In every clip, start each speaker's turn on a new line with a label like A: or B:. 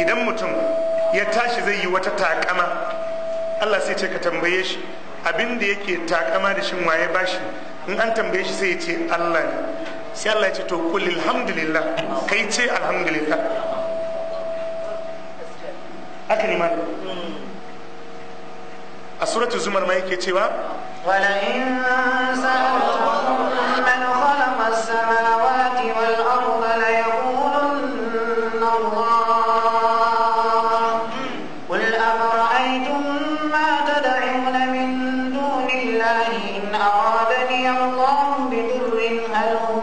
A: idan mutum ya tashi zai yi wata takama Allah sai ce ka tambaye shi abin da yake takama da shin waye bashi in an tambaye shi sai ya ce Allah ne sai Allah ya ce to kul alhamdulillah kai ce alhamdulillah aka ne a suratul zumar ma yake cewa wala in sa'alahum man khalaqa as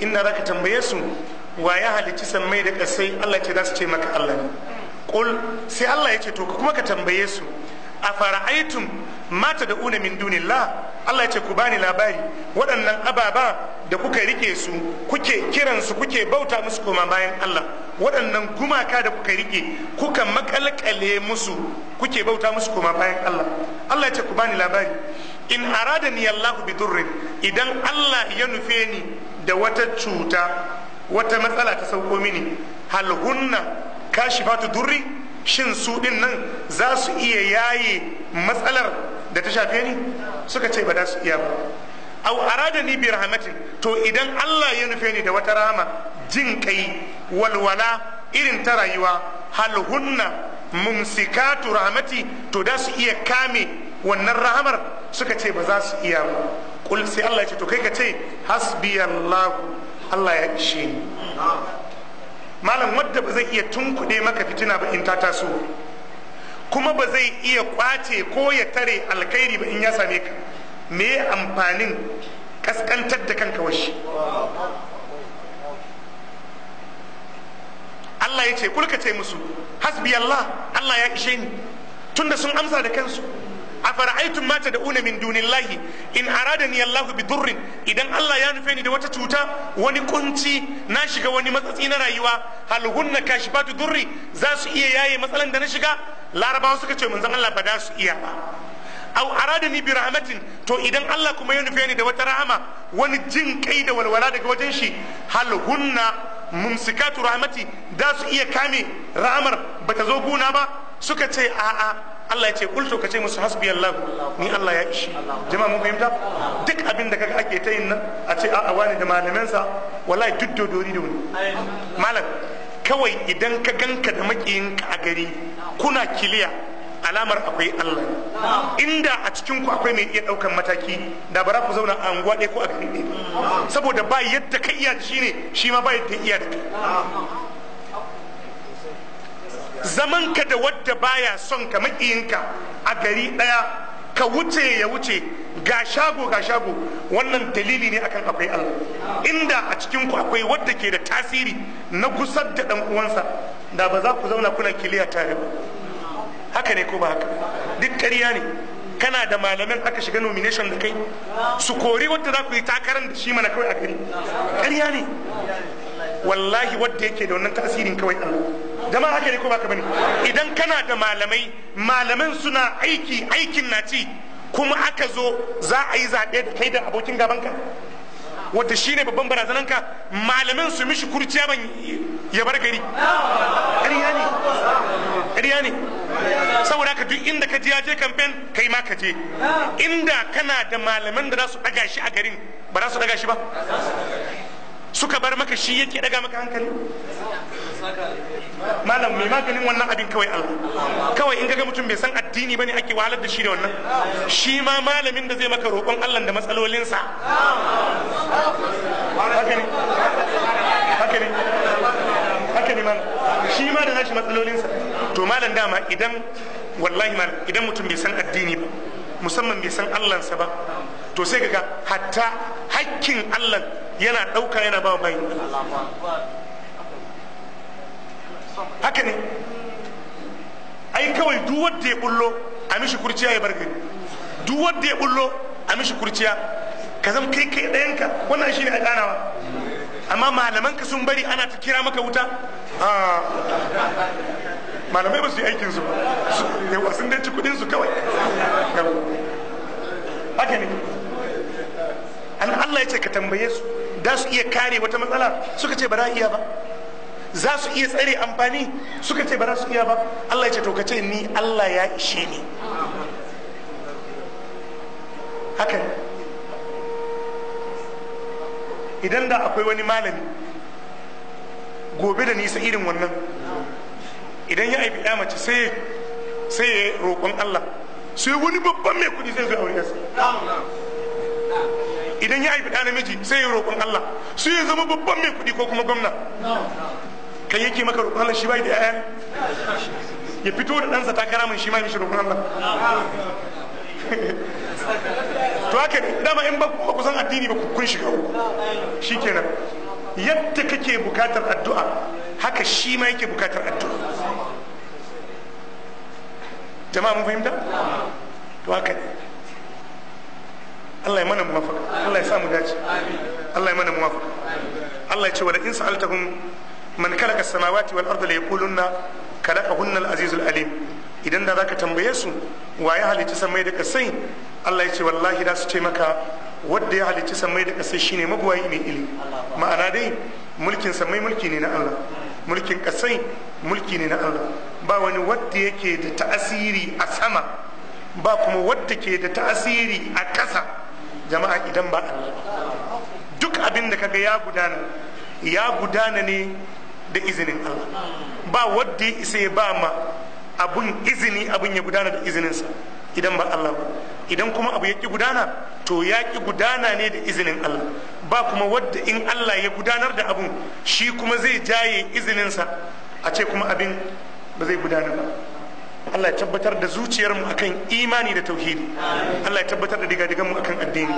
A: inda zaka tambaye su wa ya halicci sammai da kasai Allah ce za su ce maka Allah ne ƙul sai Allah ya ce to kuma ka tambaye su a afara'aitum mata da una min dunillah Allah ya ce ku bani labari waɗannan ababa da kuka rike su kuke kiransu kuke bauta musu koma bayan Allah waɗannan gumaka da kuka rike kuka makalkale musu kuke bauta musu koma bayan Allah Allah ya ce ku bani labari in aradani Allah bi durrin idan Allah ya nufe ni da wata cuta wata matsala ta sauko mini hal hunna kashifatu durri shin su din nan za su iya yaye matsalar da ta shafe ni suka ce ba za su iya ba aw aradani bi rahmatin to idan Allah ya nufe ni da wata rahama jin kai walwala irin ta rayuwa hal hunna mumsikatu rahmati to da su iya kame wannan rahamar suka ce ba za su iya kul sai Allah ya ce to kai ka ce hasbiyallahu Allah ya ishe ni malam wadda ba zai iya tunkuɗe maka fitina ba in ta taso kuma ba zai iya kwace ko ya tare alkhairi ba in ya same ka me amfanin kaskantar da kanka washe Allah ya ce kulka ce musu hasbi Allah Allah ya ishe ni tunda sun amsa da kansu afara'aytum ma tad'una min dunillahi in aradani Allahu bi idan Allah ya nufe ni da wata cuta wani kunci na shiga wani matsatsi na rayuwa hal hunna kashifatu durri za su iya yaye matsalan da na shiga larabawa suka ce manzon Allah ba da su iya ba aw aradani bi rahmatin to idan Allah kuma ya nufe ni da wata rahama wani jin kai da walwala daga wajen shi hal hunna mumsikatu rahmati da su iya kame rahamar bata zo guna ba suka ce a'a Allah ya ce kulto ka ce musu hasbi Allah ni Allah ya ishi jama'a mun fahimta duk abin da kaga ake ta yin nan a ce a'a wani da malamansa wallahi duk dodori da wani malam kawai idan ka ganka da makiyin ka a gari kuna kiliya alamar akwai Allah inda a cikin ku akwai mai iya daukan mataki da bara ku zauna a anguwa ɗaya ko a gari ɗaya saboda ba yadda ka iya shi ne shi ma ba yadda iya da zaman ka da wadda baya son ka maƙiyinka a gari ɗaya, ka wuce ya wuce ga shago ga shago wannan dalili ne akan akwai Allah inda a cikin ku akwai wadda ke da tasiri na gusar da ɗan uwansa da ba za ku zauna kuna kiliya tare ba haka ne ko ba haka duk ƙarya ne kana da malamin aka shiga nomination da kai su kori wadda za ku yi takarar da shi mana kawai a gari ƙarya ne wallahi wadda yake da wannan tasirin kawai Allah jama'a haka ne ko baka bane idan kana da malamai malaman suna aiki aikin na ci kuma aka zo za a yi zaɓe da kai da abokin gabanka wata shi ne babban barazananka malamin su mishi kurciya ban ya bar gari ƙarya ne ƙarya ne saboda ka duk inda ka je je kamfen kai ma ka je inda kana da malaman da za su ɗaga shi a garin ba za su ɗaga shi ba suka bar maka shi yake daga maka hankali malam mai maganin wannan abin kawai Allah kawai in ga mutum bai san addini bane ake wahalar da shi da wannan shi ma malamin da zai maka roƙon Allah da matsalolinsa haka ne haka ne haka ne shi ma da nashi matsalolinsa to malam dama idan wallahi malam idan mutum bai san addini ba musamman bai san sa ba to sai kaga hatta hakkin Allah yana ɗauka yana ba mai. haka ne ai kawai duk wanda ya bullo a mishi kurciya ya bar gari duk wanda ya bullo a mishi kurciya ka zama kai kai ɗayanka wannan ne a ganawa amma malaman ka sun bari ana ta kira maka wuta ah. malamai ba su yi aikin su yawa sun dai ci kudin su kawai haka ne an Allah ya ce ka tambaye su za su iya kare wata matsala suka ce ba za iya ba za su iya tsare amfani suka ce ba za su iya ba Allah ya ce to kace ni Allah ya ishe ni haka idan da akwai wani malami gobe da nisa irin wannan idan ya aibi ya mace sai sai roƙon Allah sai wani babban mai kudi zai zo aure yasa idan ya haifi ɗa namiji sai ya roƙon Allah su ya zama babban mai kuɗi ko kuma gwamna kan yake maka roƙon Allah shi bai da ƴaƴa ya fito da ɗansa takara min shi ma mishi roƙon Allah to haka ne dama in ba ku san addini ba kun shiga shi kenan yadda kake bukatar addu'a haka shi ma yake bukatar addu'a jama'a mun fahimta to haka ne Allah ya mana mu muwafaka Allah ya sa samu dace Allah ya mana mu muwafaka Allah ya ce wa in sa'altahum man khalaqa as-samawati wal arda la yaqulunna khalaqahunna al-azizul alim idan da zaka tambaye su wa ya halicci samai da kasai Allah ya ce wallahi da su ce maka wanda ya halicci samai da kasai shine magwayi mai ilimi ma'ana dai mulkin samai mulki ne na Allah mulkin kasai mulki ne na Allah ba wani wanda yake da ta'asiri a sama ba kuma wadda ke da ta'asiri a ƙasa jama'a idan ba Allah duk abin da kaga ya gudana ya gudana ne da izinin Allah ba wadda ya isa ya ba ma abun izini abun ya gudana da izininsa idan ba Allah ba idan kuma abu ya ki gudana to ya ki gudana ne da izinin Allah ba kuma wadda in Allah ya gudanar da abun shi kuma zai jaye izininsa a ce kuma abin ba zai gudana ba Allah ya tabbatar da zuciyarmu akan imani da tauhidi Allah ya tabbatar da mu akan addini